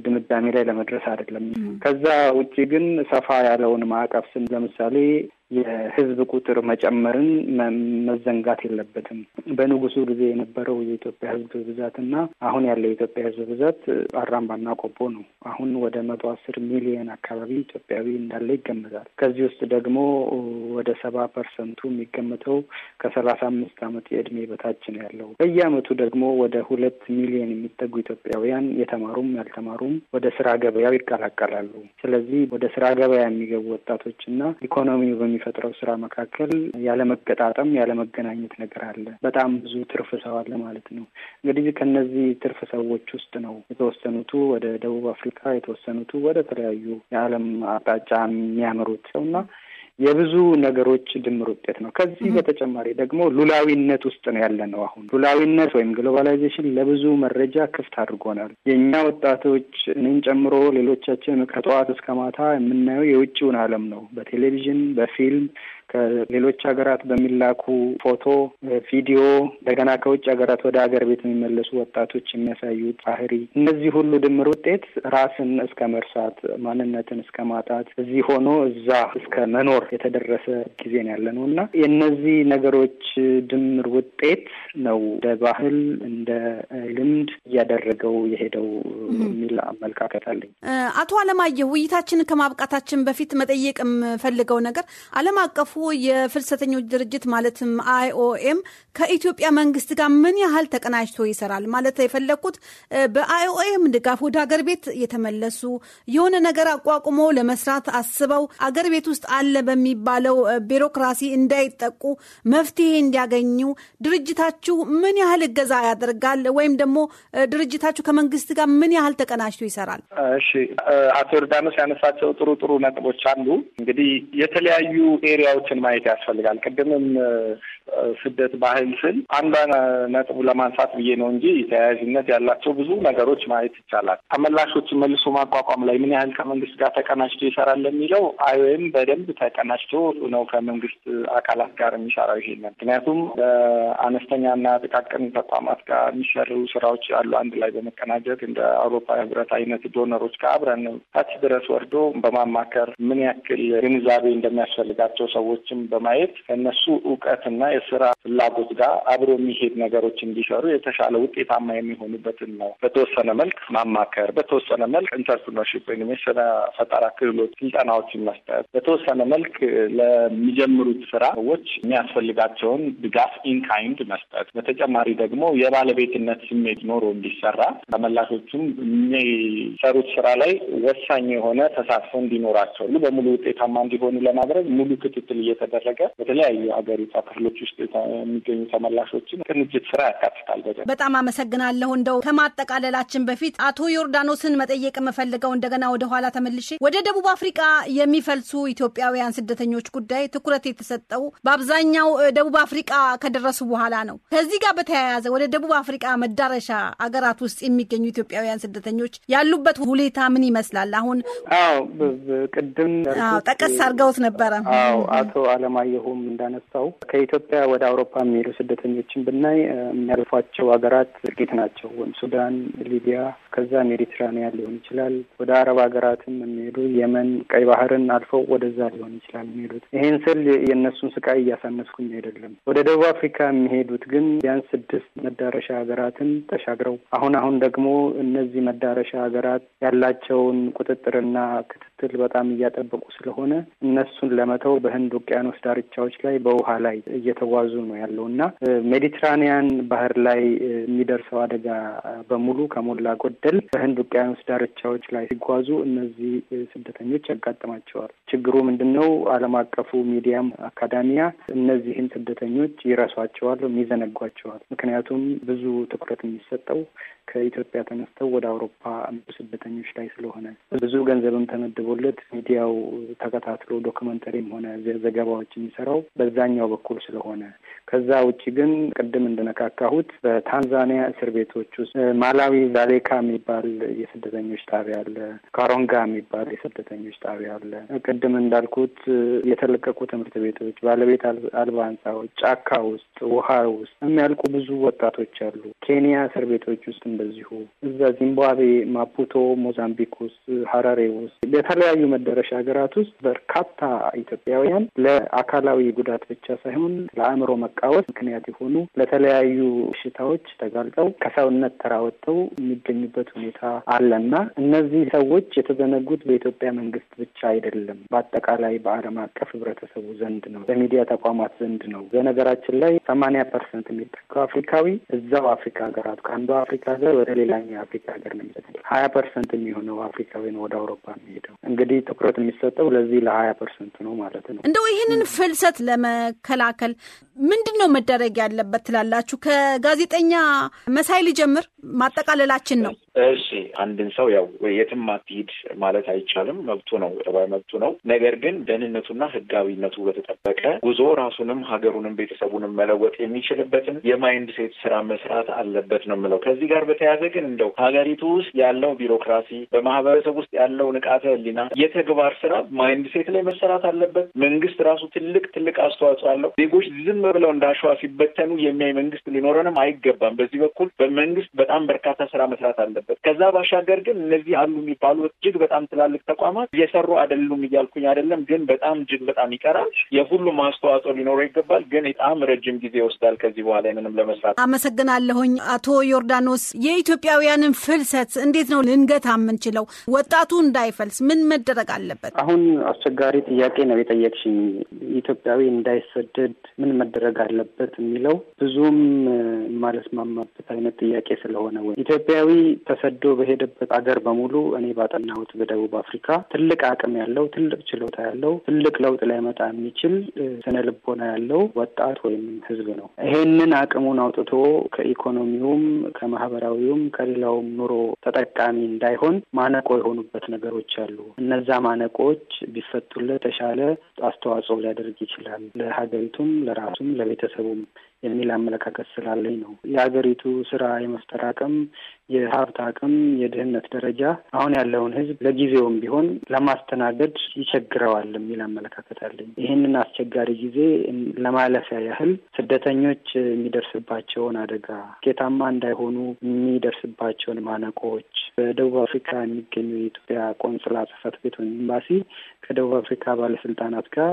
ድምዳሜ ላይ ለመድረስ አይደለም። ከዛ ውጭ ግን ሰፋ ያለውን ማዕቀፍ ስን ለምሳሌ የህዝብ ቁጥር መጨመርን መዘንጋት የለበትም። በንጉሱ ጊዜ የነበረው የኢትዮጵያ ህዝብ ብዛትና አሁን ያለው የኢትዮጵያ ህዝብ ብዛት አራምባና ቆቦ ነው። አሁን ወደ መቶ አስር ሚሊዮን አካባቢ ኢትዮጵያዊ እንዳለ ይገመታል። ከዚህ ውስጥ ደግሞ ወደ ሰባ ፐርሰንቱ የሚገመተው ከሰላሳ አምስት አመት የእድሜ በታች ነው ያለው። በየአመቱ ደግሞ ወደ ሁለት ሚሊዮን የሚጠጉ ኢትዮጵያውያን የተማሩም ያልተማሩም ወደ ስራ ገበያው ይቀላቀላሉ። ስለዚህ ወደ ስራ ገበያ የሚገቡ ወጣቶችና ኢኮኖሚው በሚፈጥረው ስራ መካከል ያለመገጣጠም፣ ያለመገናኘት ነገር አለ። በጣም ብዙ ትርፍ ሰው አለ ማለት ነው። እንግዲህ ከነዚህ ትርፍ ሰዎች ውስጥ ነው የተወሰኑቱ ወደ ደቡብ አፍሪካ፣ የተወሰኑቱ ወደ ተለያዩ የዓለም አቅጣጫ የሚያምሩት ሰው እና የብዙ ነገሮች ድምር ውጤት ነው። ከዚህ በተጨማሪ ደግሞ ሉላዊነት ውስጥ ነው ያለ ነው። አሁን ሉላዊነት ወይም ግሎባላይዜሽን ለብዙ መረጃ ክፍት አድርጎናል። የእኛ ወጣቶች እኔን ጨምሮ ሌሎቻችን ከጠዋት እስከ ማታ የምናየው የውጭውን ዓለም ነው በቴሌቪዥን በፊልም ከሌሎች ሀገራት በሚላኩ ፎቶ፣ ቪዲዮ እንደገና ከውጭ ሀገራት ወደ ሀገር ቤት የሚመለሱ ወጣቶች የሚያሳዩት ባህሪ እነዚህ ሁሉ ድምር ውጤት ራስን እስከ መርሳት፣ ማንነትን እስከ ማጣት፣ እዚህ ሆኖ እዛ እስከ መኖር የተደረሰ ጊዜ ነው ያለ ነው እና የእነዚህ ነገሮች ድምር ውጤት ነው እንደ ባህል እንደ ልምድ እያደረገው የሄደው የሚል አመለካከት አለኝ። አቶ አለማየሁ ውይይታችንን ከማብቃታችን በፊት መጠየቅ የምፈልገው ነገር ዓለም አቀፉ የፍልሰተኞች ድርጅት ማለትም አይኦኤም ከኢትዮጵያ መንግስት ጋር ምን ያህል ተቀናጅቶ ይሰራል? ማለት የፈለግኩት በአይኦኤም ድጋፍ ወደ አገር ቤት የተመለሱ የሆነ ነገር አቋቁሞ ለመስራት አስበው አገር ቤት ውስጥ አለ በሚባለው ቢሮክራሲ እንዳይጠቁ መፍትሄ እንዲያገኙ ድርጅታችሁ ምን ያህል እገዛ ያደርጋል? ወይም ደግሞ ድርጅታችሁ ከመንግስት ጋር ምን ያህል ተቀናጅቶ ይሰራል? እሺ፣ አቶ ዮርዳኖስ ያነሳቸው ጥሩ ጥሩ ነጥቦች አሉ። እንግዲህ የተለያዩ ኤሪያዎች ሁኔታዎችን ማየት ያስፈልጋል። ቅድምም ስደት ባህል ስል አንዷን ነጥቡ ለማንሳት ብዬ ነው እንጂ ተያያዥነት ያላቸው ብዙ ነገሮች ማየት ይቻላል። ተመላሾችን መልሶ ማቋቋም ላይ ምን ያህል ከመንግስት ጋር ተቀናጅቶ ይሰራል ለሚለው አይወይም በደንብ ተቀናጅቶ ነው ከመንግስት አካላት ጋር የሚሰራው ይሄንን። ምክንያቱም በአነስተኛና ጥቃቅን ተቋማት ጋር የሚሰሩ ስራዎች አሉ። አንድ ላይ በመቀናጀት እንደ አውሮፓ ህብረት አይነት ዶነሮች ጋር አብረን ታች ድረስ ወርዶ በማማከር ምን ያክል ግንዛቤ እንደሚያስፈልጋቸው ሰዎች ሰዎችን በማየት ከእነሱ እውቀትና የስራ ፍላጎት ጋር አብሮ የሚሄድ ነገሮች እንዲሰሩ የተሻለ ውጤታማ የሚሆኑበትን ነው። በተወሰነ መልክ ማማከር፣ በተወሰነ መልክ ኢንተርፕርነርሽፕ ወይም የስራ ፈጠራ ክህሎት ስልጠናዎችን መስጠት፣ በተወሰነ መልክ ለሚጀምሩት ስራ ሰዎች የሚያስፈልጋቸውን ድጋፍ ኢንካይንድ መስጠት፣ በተጨማሪ ደግሞ የባለቤትነት ስሜት ኖሮ እንዲሰራ ተመላሾቹም የሚሰሩት ስራ ላይ ወሳኝ የሆነ ተሳትፎ እንዲኖራቸው ሁሉ በሙሉ ውጤታማ እንዲሆኑ ለማድረግ ሙሉ ክትትል እየተደረገ በተለያዩ ሀገሪቷ ክፍሎች ውስጥ የሚገኙ ተመላሾችን ቅንጅት ስራ ያካትታል። በደንብ በጣም አመሰግናለሁ። እንደው ከማጠቃለላችን በፊት አቶ ዮርዳኖስን መጠየቅ የምፈልገው እንደገና ወደ ኋላ ተመልሼ ወደ ደቡብ አፍሪቃ የሚፈልሱ ኢትዮጵያውያን ስደተኞች ጉዳይ ትኩረት የተሰጠው በአብዛኛው ደቡብ አፍሪቃ ከደረሱ በኋላ ነው። ከዚህ ጋር በተያያዘ ወደ ደቡብ አፍሪቃ መዳረሻ አገራት ውስጥ የሚገኙ ኢትዮጵያውያን ስደተኞች ያሉበት ሁኔታ ምን ይመስላል? አሁን ቅድም ጠቀስ አድርገውት ነበረ። አዎ አቶ አለማየሁም እንዳነሳው ከኢትዮጵያ ወደ አውሮፓ የሚሄዱ ስደተኞችን ብናይ የሚያልፏቸው ሀገራት ጥቂት ናቸው። ወይም ሱዳን፣ ሊቢያ፣ ከዛ ሜዲትራኒያን ሊሆን ይችላል። ወደ አረብ ሀገራትም የሚሄዱ የመን፣ ቀይ ባህርን አልፈው ወደዛ ሊሆን ይችላል የሚሄዱት። ይህን ስል የእነሱን ስቃይ እያሳነስኩኝ አይደለም። ወደ ደቡብ አፍሪካ የሚሄዱት ግን ቢያንስ ስድስት መዳረሻ ሀገራትን ተሻግረው አሁን አሁን ደግሞ እነዚህ መዳረሻ ሀገራት ያላቸውን ቁጥጥርና ክትትል ክትትል በጣም እያጠበቁ ስለሆነ እነሱን ለመተው በህንድ ውቅያኖስ ዳርቻዎች ላይ በውሃ ላይ እየተጓዙ ነው ያለው እና ሜዲትራኒያን ባህር ላይ የሚደርሰው አደጋ በሙሉ ከሞላ ጎደል በህንድ ውቅያኖስ ዳርቻዎች ላይ ሲጓዙ እነዚህ ስደተኞች ያጋጥማቸዋል። ችግሩ ምንድን ነው? ዓለም አቀፉ ሚዲያም አካዳሚያ እነዚህን ስደተኞች ይረሷቸዋል፣ ይዘነጓቸዋል። ምክንያቱም ብዙ ትኩረት የሚሰጠው ከኢትዮጵያ ተነስተው ወደ አውሮፓ ስደተኞች ላይ ስለሆነ ብዙ ገንዘብም ተመድቦ ወለድ ሚዲያው ተከታትሎ ዶክመንተሪም ሆነ ዘገባዎች የሚሰራው በዛኛው በኩል ስለሆነ ከዛ ውጭ ግን ቅድም እንደነካካሁት በታንዛኒያ እስር ቤቶች ውስጥ ማላዊ ዛሌካ የሚባል የስደተኞች ጣቢያ አለ። ካሮንጋ የሚባል የስደተኞች ጣቢያ አለ። ቅድም እንዳልኩት የተለቀቁ ትምህርት ቤቶች፣ ባለቤት አልባ ህንፃዎች፣ ጫካ ውስጥ፣ ውሃ ውስጥ የሚያልቁ ብዙ ወጣቶች አሉ። ኬንያ እስር ቤቶች ውስጥ እንደዚሁ፣ እዛ ዚምባብዌ ማፑቶ፣ ሞዛምቢክ ውስጥ፣ ሀራሬ ውስጥ በተለያዩ መዳረሻ ሀገራት ውስጥ በርካታ ኢትዮጵያውያን ለአካላዊ ጉዳት ብቻ ሳይሆን ለአእምሮ መቃወስ ምክንያት የሆኑ ለተለያዩ በሽታዎች ተጋልጠው ከሰውነት ተራወጥተው የሚገኙበት ሁኔታ አለና እነዚህ ሰዎች የተዘነጉት በኢትዮጵያ መንግስት ብቻ አይደለም፣ በአጠቃላይ በዓለም አቀፍ ህብረተሰቡ ዘንድ ነው፣ በሚዲያ ተቋማት ዘንድ ነው። በነገራችን ላይ ሰማንያ ፐርሰንት የሚጠቀው አፍሪካዊ እዛው አፍሪካ ሀገራት ከአንዱ አፍሪካ ሀገር ወደ ሌላኛው አፍሪካ ሀገር ነው የሚሰ ሀያ ፐርሰንት የሚሆነው አፍሪካዊ ነው ወደ አውሮፓ የሚሄደው እንግዲህ ትኩረት የሚሰጠው ለዚህ ለሀያ ፐርሰንት ነው ማለት ነው። እንደው ይህንን ፍልሰት ለመከላከል ምንድን ነው መደረግ ያለበት ትላላችሁ? ከጋዜጠኛ መሳይ ልጀምር። ማጠቃለላችን ነው እሺ አንድን ሰው ያው የትም አትሂድ ማለት አይቻልም። መብቱ ነው፣ ጠባይ መብቱ ነው። ነገር ግን ደህንነቱና ህጋዊነቱ በተጠበቀ ጉዞ ራሱንም ሀገሩንም ቤተሰቡንም መለወጥ የሚችልበትን የማይንድ ሴት ስራ መስራት አለበት ነው የምለው። ከዚህ ጋር በተያያዘ ግን እንደው ሀገሪቱ ውስጥ ያለው ቢሮክራሲ፣ በማህበረሰብ ውስጥ ያለው ንቃተ ህሊና፣ የተግባር ስራ ማይንድ ሴት ላይ መሰራት አለበት። መንግስት ራሱ ትልቅ ትልቅ አስተዋጽኦ አለው። ዜጎች ዝም ብለው እንዳሸዋ ሲበተኑ የሚያይ መንግስት ሊኖረንም አይገባም። በዚህ በኩል በመንግስት በጣም በርካታ ስራ መስራት አለበት። አለበት። ከዛ ባሻገር ግን እነዚህ አሉ የሚባሉ እጅግ በጣም ትላልቅ ተቋማት እየሰሩ አይደሉም እያልኩኝ አይደለም፣ ግን በጣም እጅግ በጣም ይቀራል። የሁሉም አስተዋጽኦ ሊኖረው ይገባል፣ ግን በጣም ረጅም ጊዜ ይወስዳል። ከዚህ በኋላ ምንም ለመስራት። አመሰግናለሁኝ አቶ ዮርዳኖስ። የኢትዮጵያውያንን ፍልሰት እንዴት ነው ልንገታ የምንችለው? ወጣቱ እንዳይፈልስ ምን መደረግ አለበት? አሁን አስቸጋሪ ጥያቄ ነው የጠየቅሽኝ። ኢትዮጵያዊ እንዳይሰደድ ምን መደረግ አለበት የሚለው ብዙም የማለስማማበት አይነት ጥያቄ ስለሆነ ኢትዮጵያዊ ተሰዶ በሄደበት አገር በሙሉ እኔ ባጠናሁት በደቡብ አፍሪካ ትልቅ አቅም ያለው ትልቅ ችሎታ ያለው ትልቅ ለውጥ ሊያመጣ የሚችል ስነ ልቦና ያለው ወጣት ወይም ህዝብ ነው። ይሄንን አቅሙን አውጥቶ ከኢኮኖሚውም ከማህበራዊውም ከሌላውም ኑሮ ተጠቃሚ እንዳይሆን ማነቆ የሆኑበት ነገሮች አሉ። እነዛ ማነቆዎች ቢፈቱለት የተሻለ አስተዋጽኦ ሊያደርግ ይችላል ለሀገሪቱም ለራሱም ለቤተሰቡም የሚል አመለካከት ስላለኝ ነው። የሀገሪቱ ስራ የመፍጠር አቅም፣ የሀብት አቅም፣ የድህነት ደረጃ አሁን ያለውን ህዝብ ለጊዜውም ቢሆን ለማስተናገድ ይቸግረዋል የሚል አመለካከት አለኝ። ይህንን አስቸጋሪ ጊዜ ለማለፊያ ያህል ስደተኞች የሚደርስባቸውን አደጋ ጌታማ እንዳይሆኑ የሚደርስባቸውን ማነቆዎች በደቡብ አፍሪካ የሚገኙ የኢትዮጵያ ቆንስላ ጽህፈት ቤት ወይም ኤምባሲ ከደቡብ አፍሪካ ባለስልጣናት ጋር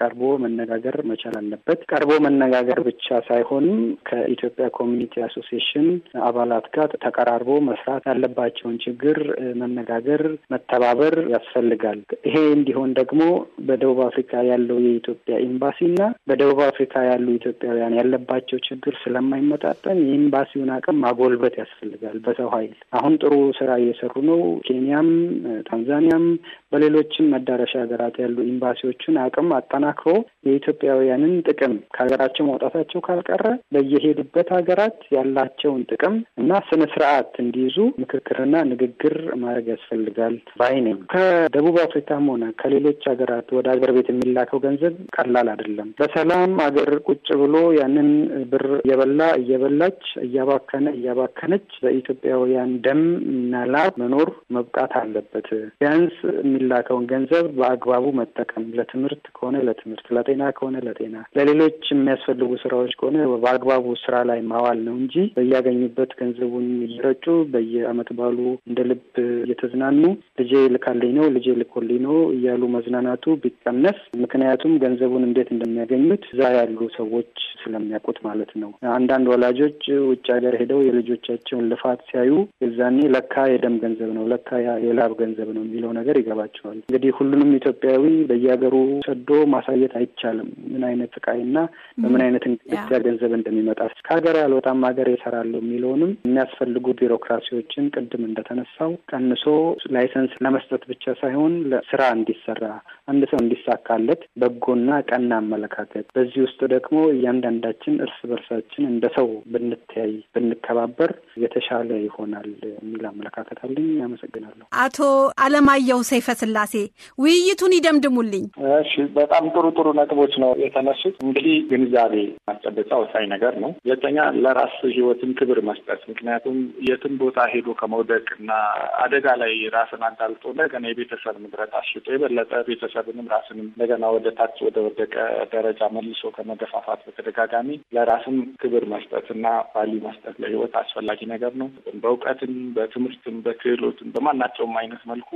ቀርቦ መነጋገር መቻል አለበት። ቀርቦ መነጋገር ብቻ ሳይሆንም ከኢትዮጵያ ኮሚኒቲ አሶሲሽን አባላት ጋር ተቀራርቦ መስራት ያለባቸውን ችግር መነጋገር፣ መተባበር ያስፈልጋል። ይሄ እንዲሆን ደግሞ በደቡብ አፍሪካ ያለው የኢትዮጵያ ኤምባሲና በደቡብ አፍሪካ ያሉ ኢትዮጵያውያን ያለባቸው ችግር ስለማይመጣጠን የኤምባሲውን አቅም ማጎልበት ያስፈልጋል። በሰው ኃይል አሁን ጥሩ ስራ እየሰሩ ነው። ኬንያም፣ ታንዛኒያም በሌሎችም መዳረሻ ሀገራት ያሉ ኤምባሲዎችን አቅም አጠናክሮ የኢትዮጵያውያንን ጥቅም ከሀገራቸው ማውጣታቸው መድረሱ ካልቀረ በየሄዱበት ሀገራት ያላቸውን ጥቅም እና ስነ ስርዓት እንዲይዙ ምክክርና ንግግር ማድረግ ያስፈልጋል ባይ ነኝ። ከደቡብ አፍሪካም ሆነ ከሌሎች ሀገራት ወደ ሀገር ቤት የሚላከው ገንዘብ ቀላል አይደለም። በሰላም አገር ቁጭ ብሎ ያንን ብር እየበላ እየበላች እያባከነ እያባከነች በኢትዮጵያውያን ደም እና ላብ መኖር መብቃት አለበት። ቢያንስ የሚላከውን ገንዘብ በአግባቡ መጠቀም ለትምህርት ከሆነ ለትምህርት፣ ለጤና ከሆነ ለጤና፣ ለሌሎች የሚያስፈልጉ ስራዎች ጉዳዮች ከሆነ በአግባቡ ስራ ላይ ማዋል ነው እንጂ በያገኙበት ገንዘቡን እየረጩ በየአመት ባሉ እንደ ልብ እየተዝናኑ ልጄ ልካልኝ ነው ልጄ ልኮልኝ ነው እያሉ መዝናናቱ ቢቀነስ፣ ምክንያቱም ገንዘቡን እንዴት እንደሚያገኙት እዛ ያሉ ሰዎች ስለሚያውቁት ማለት ነው። አንዳንድ ወላጆች ውጭ ሀገር ሄደው የልጆቻቸውን ልፋት ሲያዩ እዛኔ ለካ የደም ገንዘብ ነው ለካ የላብ ገንዘብ ነው የሚለው ነገር ይገባቸዋል። እንግዲህ ሁሉንም ኢትዮጵያዊ በየሀገሩ ሰዶ ማሳየት አይቻልም። ምን አይነት ቃይና በምን አይነት እንግዲህ ከኢትዮጵያ ገንዘብ እንደሚመጣ ከሀገር ያልወጣም ሀገር ይሰራሉ የሚለውንም የሚያስፈልጉ ቢሮክራሲዎችን ቅድም እንደተነሳው ቀንሶ ላይሰንስ ለመስጠት ብቻ ሳይሆን ለስራ እንዲሰራ አንድ ሰው እንዲሳካለት በጎና ቀና አመለካከት በዚህ ውስጥ ደግሞ እያንዳንዳችን እርስ በርሳችን እንደ ሰው ብንተያይ ብንከባበር የተሻለ ይሆናል የሚል አመለካከት አለኝ። አመሰግናለሁ። አቶ አለማየሁ ሰይፈ ስላሴ ውይይቱን ይደምድሙልኝ። እሺ፣ በጣም ጥሩ ጥሩ ነጥቦች ነው የተነሱት። እንግዲህ ግንዛቤ ናቸው የሚያስጨብጥ ወሳኝ ነገር ነው። ሁለተኛ ለራስ ህይወትም ክብር መስጠት። ምክንያቱም የትም ቦታ ሄዶ ከመውደቅ እና አደጋ ላይ ራስን አጋልጦ እንደገና የቤተሰብ ንብረት አሽጦ የበለጠ ቤተሰብንም ራስንም እንደገና ወደ ታች ወደ ወደቀ ደረጃ መልሶ ከመገፋፋት በተደጋጋሚ ለራስም ክብር መስጠት እና ባሊ መስጠት ለህይወት አስፈላጊ ነገር ነው። በእውቀትም በትምህርትም በክህሎትም በማናቸውም አይነት መልኩ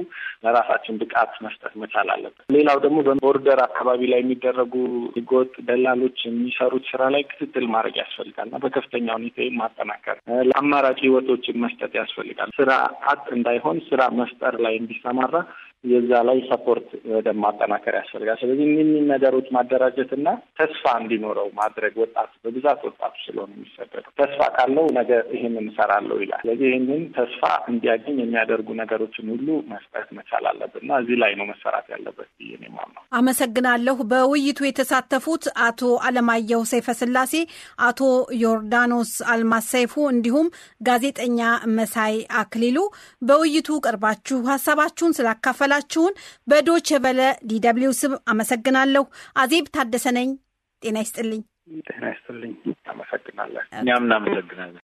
ለራሳችን ብቃት መስጠት መቻል አለብን። ሌላው ደግሞ በቦርደር አካባቢ ላይ የሚደረጉ ህገወጥ ደላሎች የሚሰሩት ስራ ላይ ላይ ክትትል ማድረግ ያስፈልጋል እና በከፍተኛ ሁኔታ ማጠናከር፣ ለአማራጭ ህይወቶችን መስጠት ያስፈልጋል። ስራ አጥ እንዳይሆን ስራ መፍጠር ላይ እንዲሰማራ የዛ ላይ ሰፖርት ወደ ማጠናከር ያስፈልጋል። ስለዚህ እኒህ ነገሮች ማደራጀት እና ተስፋ እንዲኖረው ማድረግ ወጣቱ በብዛት ወጣቱ ስለሆነ የሚሰደደው ተስፋ ካለው ነገ ይህን እንሰራለው ይላል። ስለዚህ ይህንን ተስፋ እንዲያገኝ የሚያደርጉ ነገሮችን ሁሉ መስጠት መቻል አለብን እና እዚህ ላይ ነው መሰራት ያለበት ብዬ ነው የማምነው። አመሰግናለሁ። በውይይቱ የተሳተፉት አቶ አለማየሁ ሰይፈ ስላሴ፣ አቶ ዮርዳኖስ አልማስ ሰይፉ እንዲሁም ጋዜጠኛ መሳይ አክሊሉ በውይይቱ ቀርባችሁ ሀሳባችሁን ስላካፈላ የተከታተላችሁን በዶች በለ ዲደብሊው ስም አመሰግናለሁ። አዜብ ታደሰ ነኝ። ጤና ይስጥልኝ። ጤና ይስጥልኝ። አመሰግናለን። እኛም እናመሰግናለን።